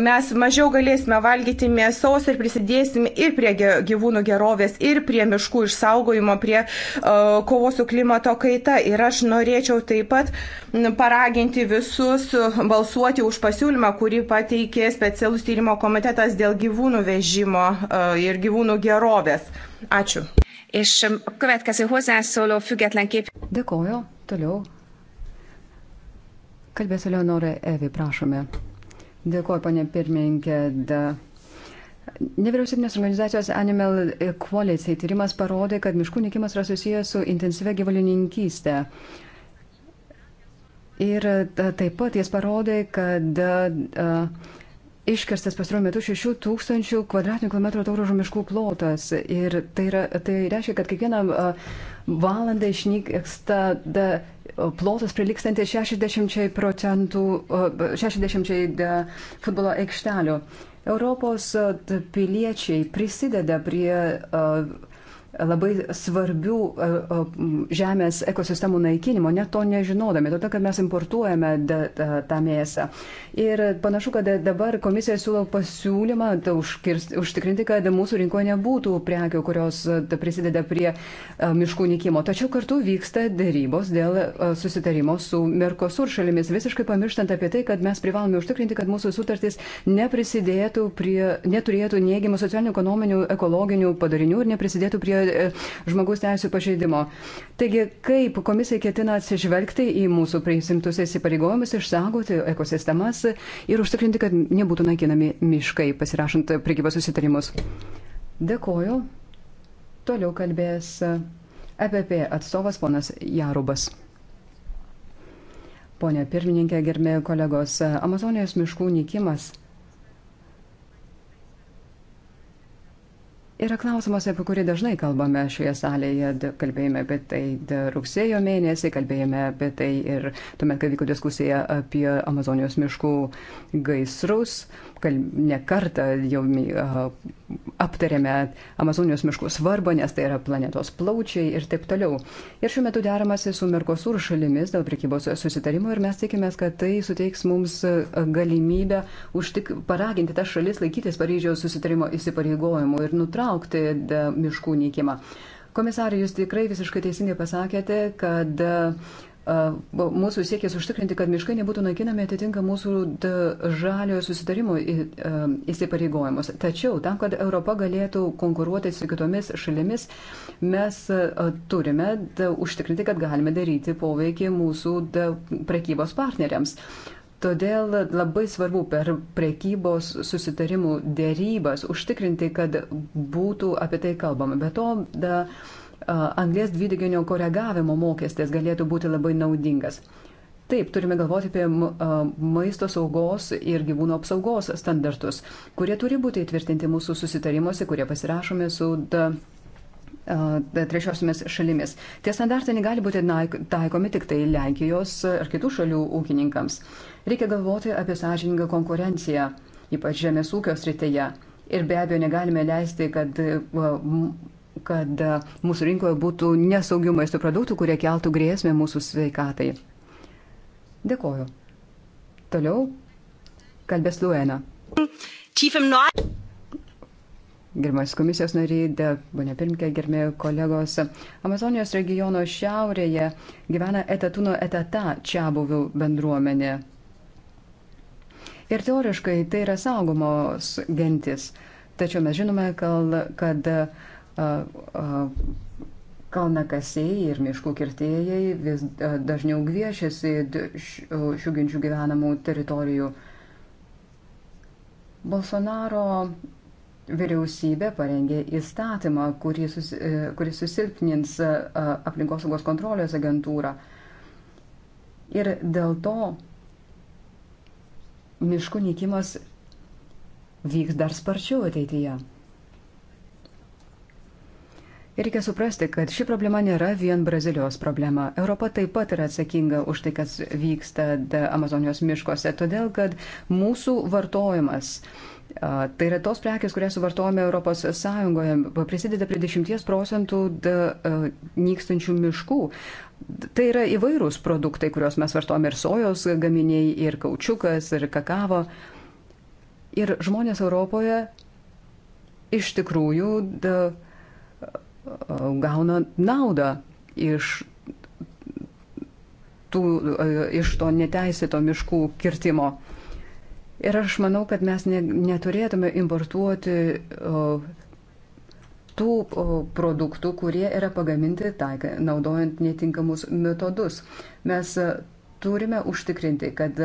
mes mažiau galėsime valgyti mėsos ir prisidėsime ir prie gyvūnų gerovės, ir prie miškų išsaugojimo, prie uh, kovos su klimato kaita. Ir aš norėčiau taip pat paraginti visus balsuoti už pasiūlymą, kurį pateikė specialus tyrimo komitetas dėl gyvūnų vežimo uh, ir gyvūnų gerovės. Ačiū. És um, a következő hozzászóló független kép... Dėkoju, toliau. Kalbės Leonora Evi, prašome. Dėkoju, panė pirmininkė. Da... Nevyriausybinės organizacijos Animal Quality tyrimas parodė, kad miškų nikimas yra susijęs su intensyvia gyvulininkystė. Ir e, taip pat jis parodė, kad uh, Iškirstas pastaruoju metu 6000 km2 tauro miškų plotas ir tai, yra, tai reiškia, kad kiekvieną valandą išnyksta plotas prilikstantis 60 procentų, 60 futbolo aikštelių. Europos piliečiai prisideda prie uh, labai svarbių e, e, žemės ekosistemų naikinimo, net to nežinodami, todėl kad mes importuojame da, da, tą mėsą. Ir panašu, kad dabar komisija siūlo pasiūlymą da, užkirst, užtikrinti, kad mūsų rinkoje nebūtų prekių, kurios e, da, prisideda prie a, miškų nikimo. Tačiau kartu vyksta dėrybos dėl a, susitarimo su Merkosur šalimis, visiškai pamirštant apie tai, kad mes privalome užtikrinti, kad mūsų sutartys neprisidėtų prie, neturėtų neigiamų socialinių, ekonominių, ekologinių padarinių ir neprisidėtų prie E, žmogus teisų pažeidimo. Taigi, kaip komisija ketina atsižvelgti į mūsų prisimtus įsipareigojimus, išsaugoti ekosistemas ir užtikrinti, kad nebūtų naikinami miškai, pasirašant prekybos susitarimus. Dėkoju. Toliau kalbės EPP atstovas ponas Jarubas. Pone pirmininkė, gerbėjai kolegos, Amazonijos miškų nykimas Yra klausimas, apie kurį dažnai kalbame šioje salėje, kalbėjome apie tai rugsėjo mėnesį, kalbėjome apie tai ir tuomet, kai vyko diskusija apie Amazonijos miškų gaisrus, ne kartą jau aptarėme Amazonijos miškų svarbą, nes tai yra planetos plaučiai ir taip toliau. Ir šiuo metu deramasi su Merkosur šalimis dėl prekybos susitarimo ir mes tikimės, kad tai suteiks mums e, galimybę užtik paraginti tas šalis laikytis Paryžiaus susitarimo įsipareigojimų ir nutraukti e, miškų nykimą. Komisarė, jūs tikrai visiškai teisingai pasakėte, kad uh, mūsų siekis užtikrinti, kad miškai nebūtų naikinami atitinka mūsų žaliojo susitarimo įsipareigojimus. Tačiau tam, kad Europa galėtų konkuruoti su kitomis šalimis, mes turime užtikrinti, kad galime daryti poveikį mūsų prekybos partneriams. Todėl labai svarbu per prekybos susitarimų dėrybas užtikrinti, kad būtų apie tai kalbama. Be to, da, anglės dvideginio koregavimo mokestis galėtų būti labai naudingas. Taip, turime galvoti apie maisto saugos ir gyvūnų apsaugos standartus, kurie turi būti įtvirtinti mūsų susitarimuose, kurie pasirašome su da, da, trečiosiomis šalimis. Tie standartai negali būti taikomi tik tai Lenkijos ar kitų šalių ūkininkams. Reikia galvoti apie sąžiningą konkurenciją, ypač žemės ūkio srityje. Ir be abejo negalime leisti, kad kad e, mūsų rinkoje būtų nesaugių maisto produktų, kurie keltų grėsmę mūsų sveikatai. Dėkoju. Toliau kalbės Luena. Gerbiamas komisijos nariai, ponia pirmkė, gerbėjai kolegos, Amazonijos regiono šiaurėje gyvena etatuno etata čia buvių bendruomenė. Ir teoriškai tai yra saugomos gentis. Tačiau mes žinome, kad, kad kalnakasiai ir miškų kirtėjai vis dažniau gviešiasi šių ginčių gyvenamų teritorijų. Bolsonaro vyriausybė parengė įstatymą, kuris, sus, e, kuris susilpnins aplinkosaugos kontrolės agentūrą. Ir dėl to miškų nykimas vyks dar sparčiau ateityje. Reikia suprasti, kad ši problema nėra vien Brazilijos problema. Europa taip pat yra atsakinga už tai, kas vyksta Amazonijos miškuose, todėl kad mūsų vartojimas, tai yra tos prekės, kurias suvartojame ES, prisideda prie 10 procentų nykstančių miškų. Tai yra įvairūs produktai, kuriuos mes vartojame ir sojos gaminiai, ir kaučiukas, ir kakavo. Ir žmonės Europoje iš tikrųjų. Da, gauna naudą iš, tų, e, iš to neteisėto miškų kirtimo. Ir aš manau, kad mes ne, neturėtume importuoti o, e, tų o, e, produktų, kurie yra pagaminti taikai, naudojant netinkamus metodus. Mes turime užtikrinti, kad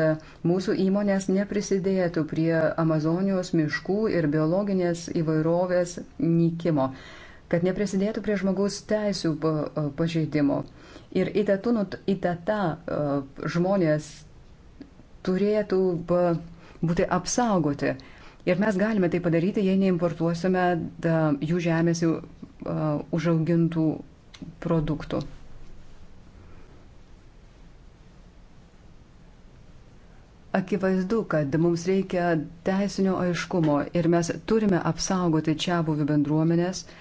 mūsų įmonės neprisidėtų prie Amazonijos miškų ir biologinės įvairovės nykimo kad neprisidėtų prie žmogaus teisų pažeidimo. Ir į tą tą žmonės turėtų būti apsaugoti. Ir mes galime tai padaryti, jei neimportuosime da, jų žemės jau, uh, užaugintų produktų. Akivaizdu, kad mums reikia teisinio aiškumo ir mes turime apsaugoti čia buvių bendruomenės uh,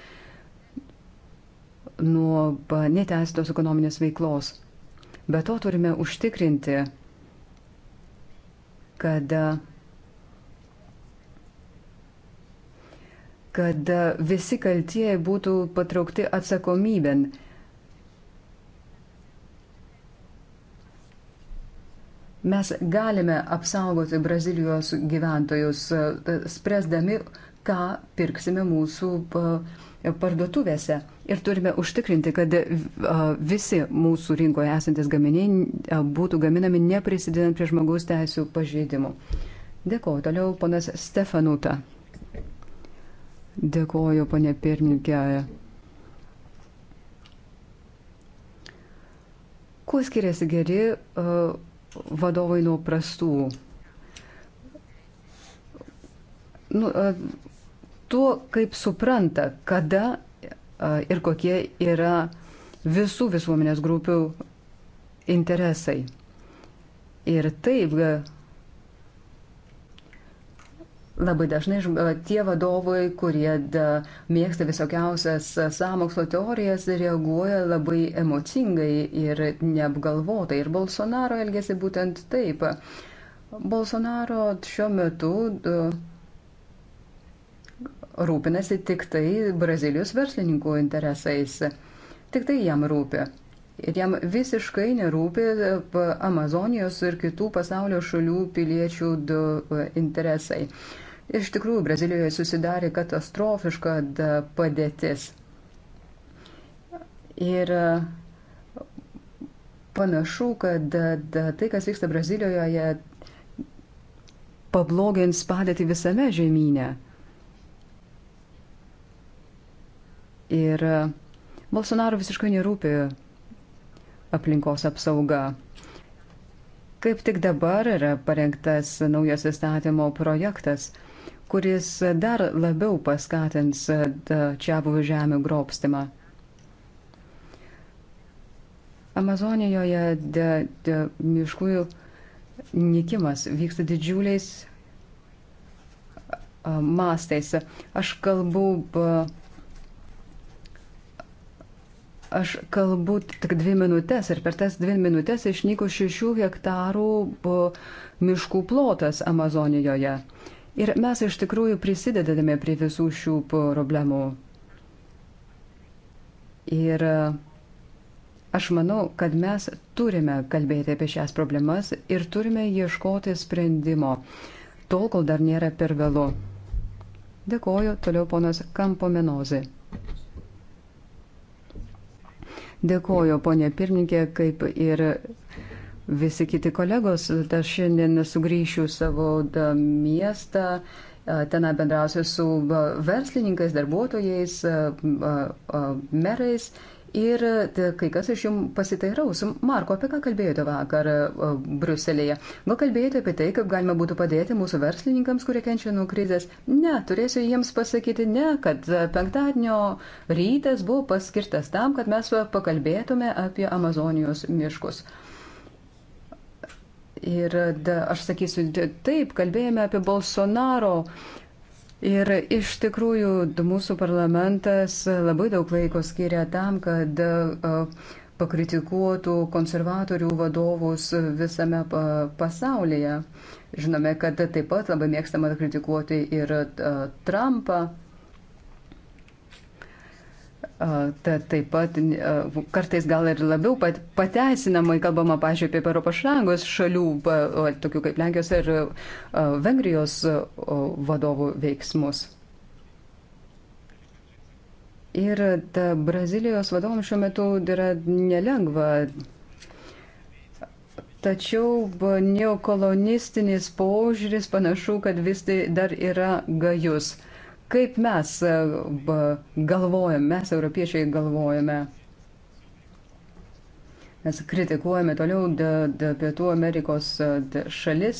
nuo neteisėtos ekonominės veiklos. Be to turime užtikrinti, kad kad visi kaltieji būtų patraukti atsakomybėn. Mes galime apsaugoti Brazilijos gyventojus, e, spręsdami ką pirksime mūsų e, parduotuvėse. Ir turime užtikrinti, kad e, e, visi mūsų rinkoje esantis gaminiai būtų gaminami neprisidedant prie žmogaus teisų pažeidimų. Dėkuoju. Toliau ponas Stefanuta. Dėkuoju, ponė pirmininkė. Kuo skiriasi geri uh, vadovai nuo prastų? nu, e, tuo, kaip supranta, kada e, ir kokie yra visų visuomenės grupių interesai. Ir taip e, labai dažnai tie vadovai, kurie da, mėgsta visokiausias sąmokslo teorijas, reaguoja labai emocingai ir neapgalvotai. Ir Bolsonaro elgesi būtent taip. Bolsonaro šiuo metu da, rūpinasi tik tai Brazilijos verslininkų interesais. Tik tai jam rūpi. Ir jam visiškai nerūpi e, Amazonijos ir kitų pasaulio šalių piliečių e, interesai. Iš tikrųjų, Brazilijoje susidarė katastrofiška padėtis. Ir e, panašu, kad tai, kas vyksta Brazilijoje, pablogins padėtį visame žemynė. Ir e, Bolsonaro visiškai nerūpi aplinkos apsauga. Kaip tik dabar yra parengtas naujas įstatymo projektas, kuris dar labiau paskatins e, čia buvę žemių grobstimą. Amazonijoje de, de, miškų nikimas vyksta didžiuliais e, mastais. Aš kalbu Aš kalbu tik dvi minutės ir per tas dvi minutės išnyko šešių hektarų miškų plotas Amazonijoje. Ir mes iš tikrųjų prisidedame prie visų šių problemų. Ir aš manau, kad mes turime kalbėti apie šias problemas ir turime ieškoti sprendimo, tol kol dar nėra per vėlu. Dėkoju, toliau ponas Kampo Menozai. Dėkoju, ponė pirmininkė, kaip ir visi kiti kolegos. Aš šiandien sugrįšiu savo da, miestą. Ten bendrausiu su verslininkais, darbuotojais, merais Ir e, kai kas iš jums pasiteiraus, Marko, apie ką kalbėjote vakar e, Bruselėje? Gal kalbėjote apie tai, kaip galima būtų padėti mūsų verslininkams, kurie kenčia nuo krizės? Ne, turėsiu jiems pasakyti ne, kad e, penktadienio rytas buvo paskirtas tam, kad mes pakalbėtume apie Amazonijos miškus. Ir da, aš sakysiu, taip, kalbėjome apie Bolsonaro uh, Ir iš tikrųjų mūsų parlamentas labai daug laiko skiria tam, kad pakritikuotų konservatorių vadovus visame pasaulyje. Žinome, kad taip pat labai mėgstama kritikuoti ir Trumpą. Ta, taip pat kartais gal ir labiau pat, pateisinamai kalbama, pažiūrėjau, apie Europos Sąjungos šalių, tokių kaip Lenkijos ir Vengrijos vadovų veiksmus. Ir ta Brazilijos vadovams šiuo metu yra nelengva. Tačiau neokolonistinis požiūris panašu, kad vis tai dar yra gajus. Kaip mes e, galvojame, mes europiečiai galvojame. Mes kritikuojame toliau de, de Pietų Amerikos de šalis.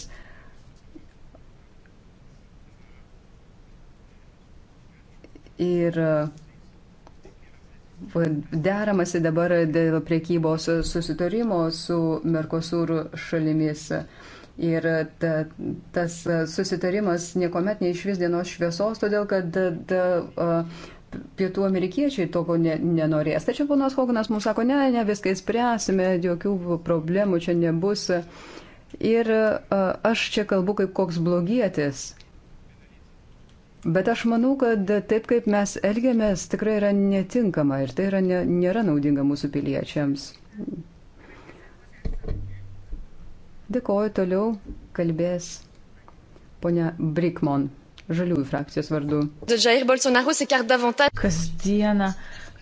Ir e, deramasi dabar dėl priekybos susitarimo su Merkosur šalimis. Uh, Ir ta, tas susitarimas niekuomet neišvis dienos šviesos, todėl kad ta, ta, pietų amerikiečiai to ko ne, nenorės. Tačiau ponas Hoganas mums sako, ne, ne, viską spręsime, jokių problemų čia nebus. Ir aš čia kalbu kaip koks blogietis. Bet aš manau, kad taip kaip mes elgiamės tikrai yra netinkama ir tai yra, ne, nėra naudinga mūsų piliečiams. Dėkoju, toliau kalbės ponia Brikmon, žaliųjų frakcijos vardu. Kasdieną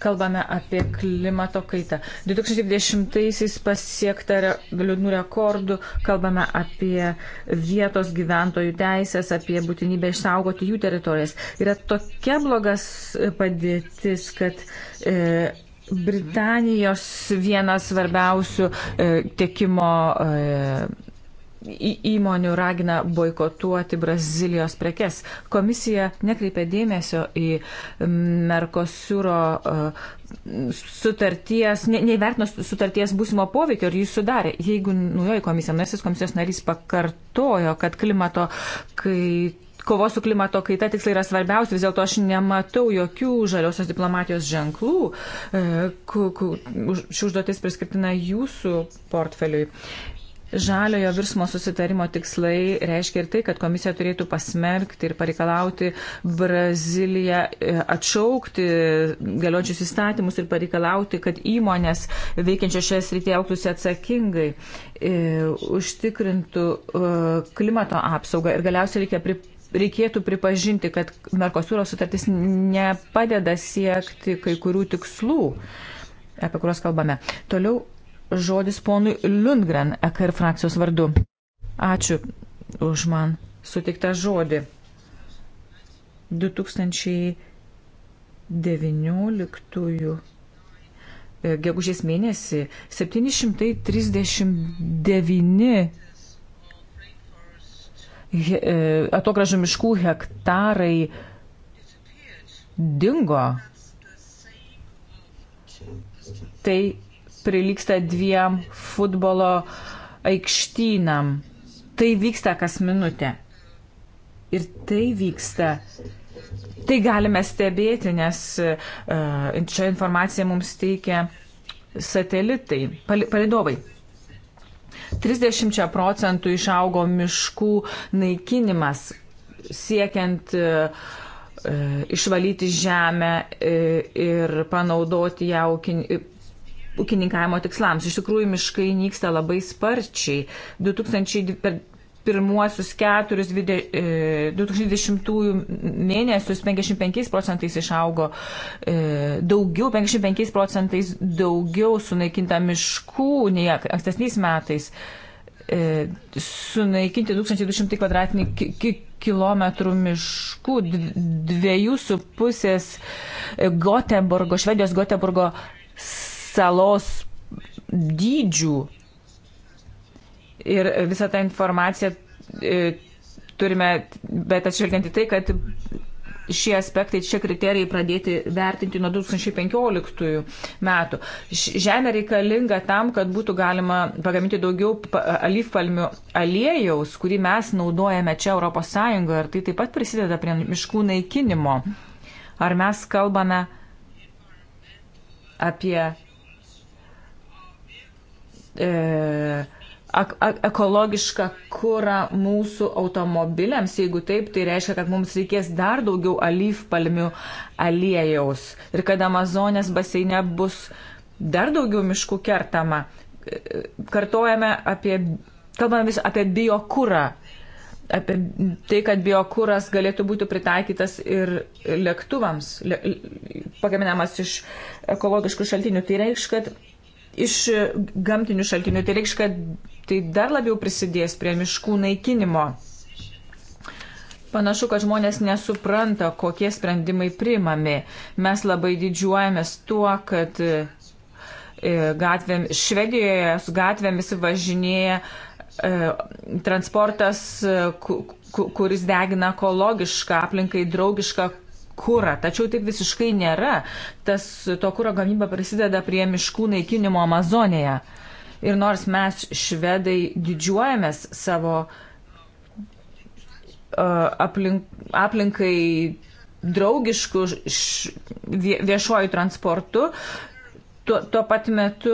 kalbame apie klimato kaitą. 2020-aisiais pasiektą re, liūdnų rekordų, kalbame apie vietos gyventojų teisės, apie būtinybę išsaugoti jų teritorijas. Yra tokia blogas padėtis, kad e, Britanijos vienas svarbiausių e, tiekimo e, įmonių ragina boikotuoti Brazilijos prekes. Komisija nekreipia dėmesio į Merkosiūro e, sutarties, ne, neįvertino sutarties būsimo poveikio ir jį sudarė. Jeigu nujoji komisija, nuesis komisijos narys pakartojo, kad klimato kaita kovos su klimato kaita tikslai yra svarbiausi, vis dėlto aš nematau jokių žaliosios diplomatijos ženklų. E, ši užduotis priskirtina jūsų portfeliui. Žaliojo virsmo susitarimo tikslai reiškia ir tai, kad komisija turėtų pasmerkti ir pareikalauti Braziliją e, atšaukti galiočius įstatymus ir pareikalauti, kad įmonės veikiančios šioje srityje auktųsi atsakingai, e, užtikrintų klimato apsaugą ir galiausiai reikia pripažinti reikėtų pripažinti, kad Merkosūro sutartis nepadeda siekti kai kurių tikslų, apie kuriuos kalbame. Toliau žodis ponui Lundgren, EKR frakcijos vardu. Ačiū už man sutiktą žodį. 2019 gegužės mėnesį 739 E, atogražų miškų hektarai dingo. Tai prilyksta dviem futbolo aikštynam. Tai vyksta kas minutę. Ir tai vyksta. Tai galime stebėti, nes uh, e, čia e, informaciją mums teikia satelitai, palidovai. 30 procentų išaugo miškų naikinimas siekiant e, e, išvalyti žemę e, ir panaudoti ją ūkininkavimo tikslams. Iš tikrųjų, miškai nyksta labai sparčiai. 2000, per pirmuosius keturis 2010 e, mėnesius 55 procentais išaugo e, daugiau, 55 procentais daugiau sunaikinta miškų nei ankstesniais metais. E, sunaikinti 1200 kvadratinių kilometrų miškų, dviejų su pusės Goteborgo, Švedijos Goteborgo salos dydžių ir visą tą informaciją e, turime, bet atšvelgiant į tai, kad šie aspektai, šie kriterijai pradėti vertinti nuo 2015 metų. Žemė reikalinga tam, kad būtų galima pagaminti daugiau alyvpalmių aliejaus, kurį mes naudojame čia ES ir tai taip pat prisideda prie miškų naikinimo. Ar mes kalbame apie e, ekologišką kurą mūsų automobiliams. Jeigu taip, tai reiškia, kad mums reikės dar daugiau alyvpalmių aliejaus ir kad Amazonės baseine bus dar daugiau miškų kertama. Kartojame apie, kalbame vis apie biokūrą, apie tai, kad biokūras galėtų būti pritaikytas ir lėktuvams, lė, pagaminamas iš ekologiškų šaltinių. Tai reiškia, kad iš gamtinių šaltinių, tai reiškia, kad tai dar labiau prisidės prie miškų naikinimo. Panašu, kad žmonės nesupranta, kokie sprendimai priimami. Mes labai didžiuojamės tuo, kad e, gatvėm, Švedijoje su gatvėmis važinėja e, transportas, e, kuris degina ekologišką, aplinkai draugišką kūrą. Tačiau taip visiškai nėra. Tas to kūro gamyba prisideda prie miškų naikinimo Amazonėje. Ir nors mes švedai didžiuojamės savo uh, aplink, aplinkai draugiškų viešuoju transportu, tuo, tuo pat metu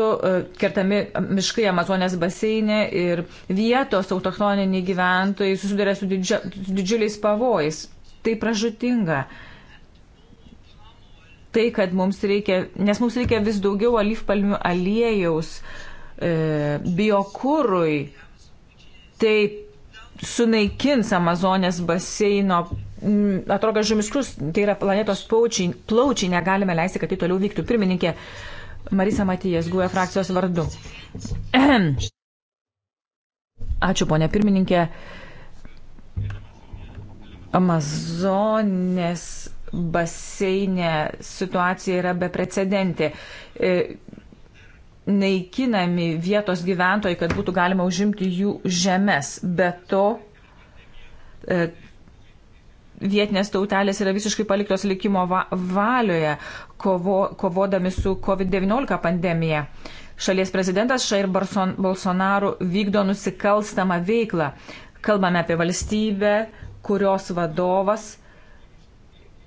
kertami miškai Amazonės baseinė ir vietos autochtoniniai gyventojai susiduria su, didžia, su didžiuliais pavojais. Tai pražutinga. Tai, kad mums reikia, nes mums reikia vis daugiau alyvpalmių aliejaus, uh, E, biokūrui, tai sunaikins Amazonės baseino atrodo žumiškus, tai yra planetos plaučiai, plaučiai negalime leisti, kad tai toliau vyktų. Pirmininkė Marisa Matijas, GUE frakcijos vardu. Ačiū, ponė pirmininkė. Amazonės baseinė situacija yra beprecedentė. E, naikinami vietos gyventojai, kad būtų galima užimti jų žemės. Be to, e, vietinės tautelės yra visiškai paliktos likimo va valioje, kovo, kovodami su COVID-19 pandemija. Šalies prezidentas Šair Bolsonaro vykdo nusikalstamą veiklą. Kalbame apie valstybę, kurios vadovas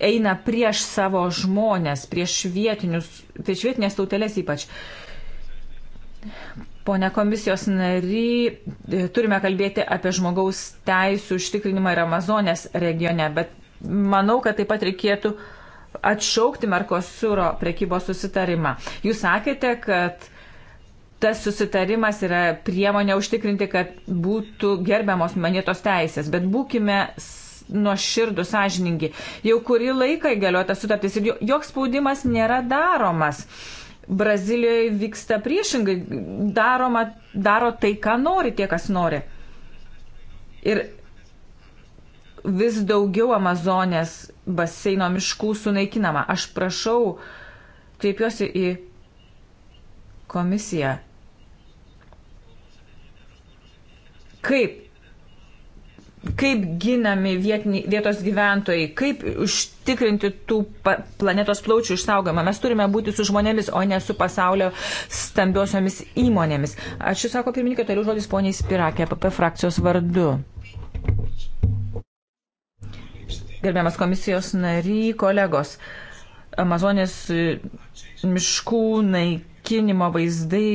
eina prieš savo žmonės, prieš, vietinius, prieš vietinės tautelės ypač. Uh, Pone komisijos nary, e, turime kalbėti apie žmogaus teisų užtikrinimą ir Amazonės regione, bet manau, kad taip pat reikėtų atšaukti Merkosūro prekybos susitarimą. Jūs sakėte, kad tas susitarimas yra priemonė užtikrinti, kad būtų gerbiamos manėtos teisės, bet būkime nuoširdų, sąžiningi. Jau kurį laiką įgaliuotas sutartis ir joks spaudimas nėra daromas. Uh, Brazilijoje vyksta priešingai, daroma, daro tai, ką nori tie, kas nori. Ir vis daugiau Amazonės baseino miškų sunaikinama. Aš prašau, kreipiuosi į komisiją. Kaip kaip ginami vietini, vietos gyventojai, kaip užtikrinti tų pa, planetos plaučių išsaugojimą. Mes turime būti su žmonėmis, o ne su pasaulio stambiosiomis įmonėmis. Ačiū, sako pirmininkė, toliau žodis poniai Spirakė, PP frakcijos vardu. Gerbiamas komisijos nary, kolegos, Amazonės miškų naikinimo vaizdai.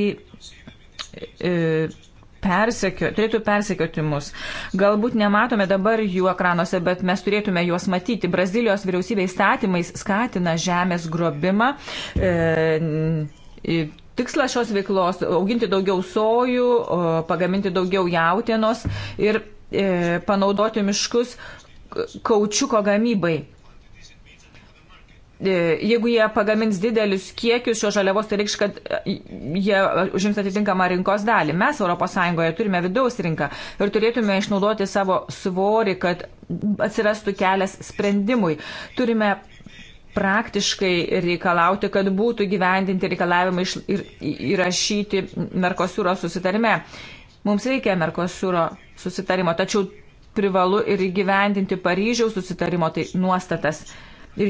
E, persekio, turėtų persekioti mus. Galbūt nematome dabar jų ekranuose, bet mes turėtume juos matyti. Brazilijos vyriausybė įstatymais skatina žemės grobimą. E, Tikslas šios veiklos - auginti daugiau sojų, pagaminti daugiau jautienos ir e, panaudoti miškus kaučiuko gamybai. E, jeigu jie pagamins didelius kiekius šio žaliavos, tai reikš, kad e, jie užims atitinkamą rinkos dalį. Mes ES turime vidaus rinką ir turėtume išnaudoti savo svorį, kad atsirastų kelias sprendimui. Turime praktiškai reikalauti, kad būtų gyvendinti reikalavimai ir įrašyti Merkosūro susitarime. Mums reikia Merkosūro susitarimo, tačiau privalu ir įgyvendinti Paryžiaus susitarimo tai nuostatas. Ir